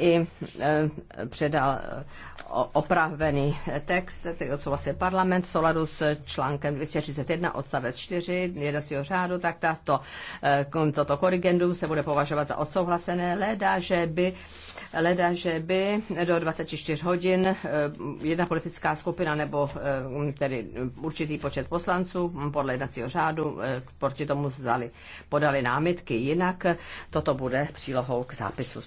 i e, předal e, opravený text, který odsouhlasil parlament v souladu s článkem 231 odstavec 4 jednacího řádu, tak tato, e, toto korigendum se bude považovat za odsouhlasené, leda, že by, leda, že by do 24 hodin jedna politická skupina nebo um, tedy určitý počet poslanců podle jednacího řádu proti tomu vzali, podali námitky. Jinak toto bude přílohou k zápisu.